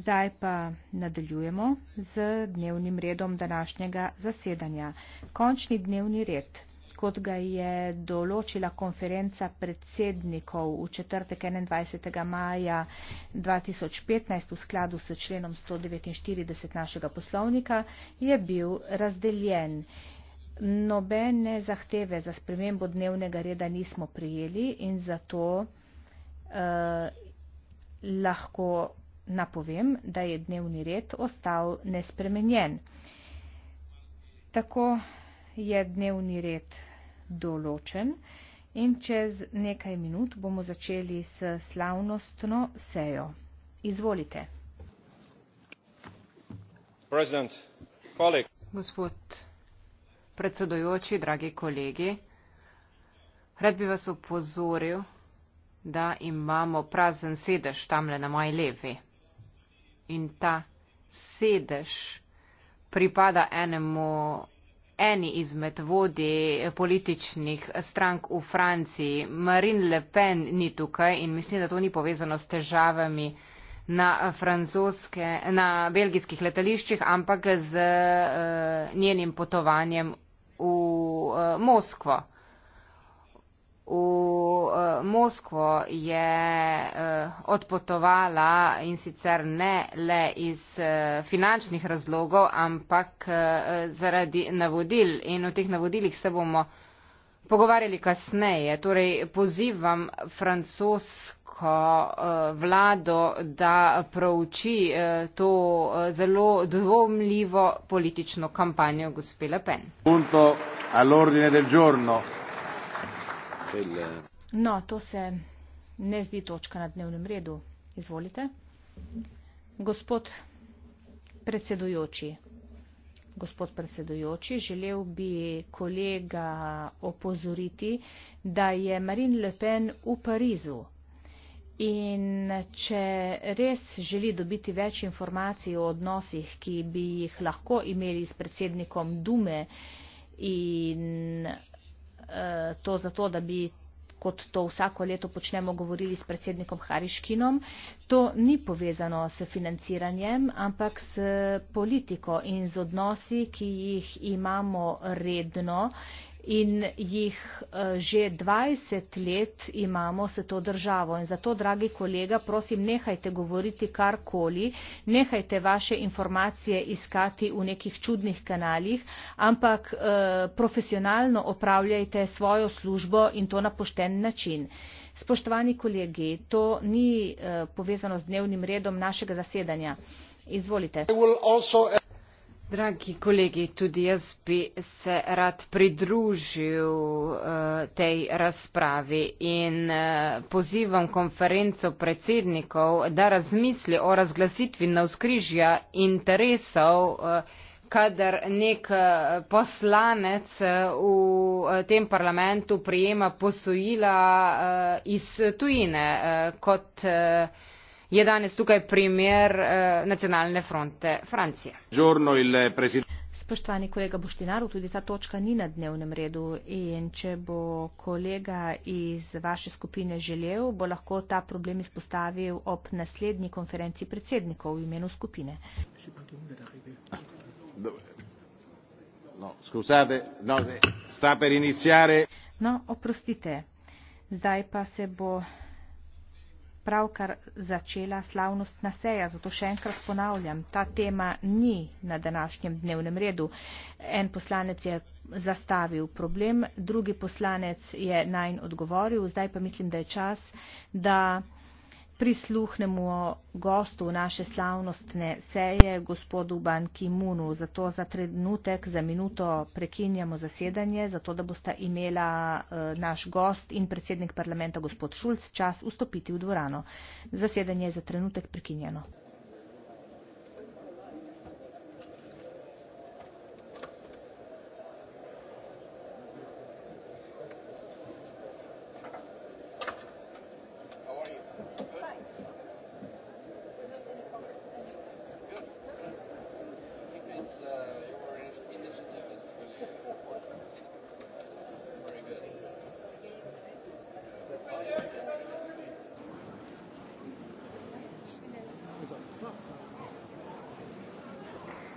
Zdaj pa nadaljujemo z dnevnim redom današnjega zasedanja. Končni dnevni red, kot ga je določila konferenca predsednikov v četrtek 21. maja 2015 v skladu s členom 149 našega poslovnika, je bil razdeljen. Nobene zahteve za spremembo dnevnega reda nismo prijeli in zato uh, lahko napovem, da je dnevni red ostal nespremenjen. Tako je dnevni red določen in čez nekaj minut bomo začeli s slavnostno sejo. Izvolite. Gospod predsedojoči, dragi kolegi, rad bi vas upozoril, da imamo prazen sedež tamle na moji levi in ta sedež pripada enemu, eni izmed vodij političnih strank v Franciji. Marine Le Pen ni tukaj in mislim, da to ni povezano s težavami na, na belgijskih letališčih, ampak z uh, njenim potovanjem v uh, Moskvo. V Eh, Moskvo je eh, odpotovala in sicer ne le iz eh, finančnih razlogov, ampak zaradi navodil. In o teh navodilih se bomo pogovarjali kasneje. Torej pozivam francosko vlado, da prouči to zelo dvomljivo politično kampanjo gospe Le Pen. Punto all'ordine del giorno. Il... No, to se ne zdi točka na dnevnem redu. Izvolite. Gospod predsedujoči, gospod predsedujoči, želel bi kolega opozoriti, da je Marine Le Pen v Parizu. In če res želi dobiti več informacij o odnosih, ki bi jih lahko imeli s predsednikom Dume in e, to zato, da bi kot to vsako leto počnemo, govorili s predsednikom Hariškinom. To ni povezano s financiranjem, ampak s politiko in z odnosi, ki jih imamo redno in jih eh, že 20 let imamo s to državo. In zato, dragi kolega, prosim, nehajte govoriti karkoli, nehajte vaše informacije iskati v nekih čudnih kanalih, ampak eh, profesionalno opravljajte svojo službo in to na pošten način. Spoštovani kolegi, to ni eh, povezano z dnevnim redom našega zasedanja. Izvolite. Dragi kolegi, tudi jaz bi se rad pridružil eh, tej razpravi in eh, pozivam konferenco predsednikov, da razmisli o razglasitvi na vzkrižja interesov, eh, kadar nek poslanec v tem parlamentu prijema posojila iz tujine kot je danes tukaj primer eh, nacionalne fronte francije Spoštovani kolega Boštinaru, tudi ta točka ni na dnevnem redu in če bo kolega iz vaše skupine želel, bo lahko ta problem izpostavil ob naslednji konferenci predsednikov v imenu skupine. No, no, no oprostite, zdaj pa se bo pravkar začela slavnostna seja, zato še enkrat ponavljam, ta tema ni na današnjem dnevnem redu. En poslanec je zastavil problem, drugi poslanec je najn odgovoril, zdaj pa mislim, da je čas, da prisluhnemo gostu naše slavnostne seje, gospodu Ban Ki-munu. Zato za trenutek, za minuto prekinjamo zasedanje, zato da bosta imela eh, naš gost in predsednik parlamenta, gospod Šulc, čas vstopiti v dvorano. Zasedanje je za trenutek prekinjeno.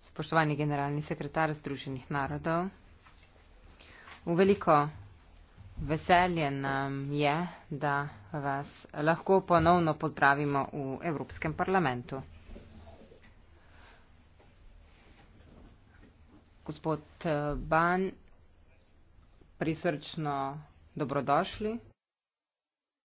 Spoštovani generalni sekretar Združenih narodov, v veliko veselje nam je, da vas lahko ponovno pozdravimo v Evropskem parlamentu. Gospod Ban, prisrčno dobrodošli.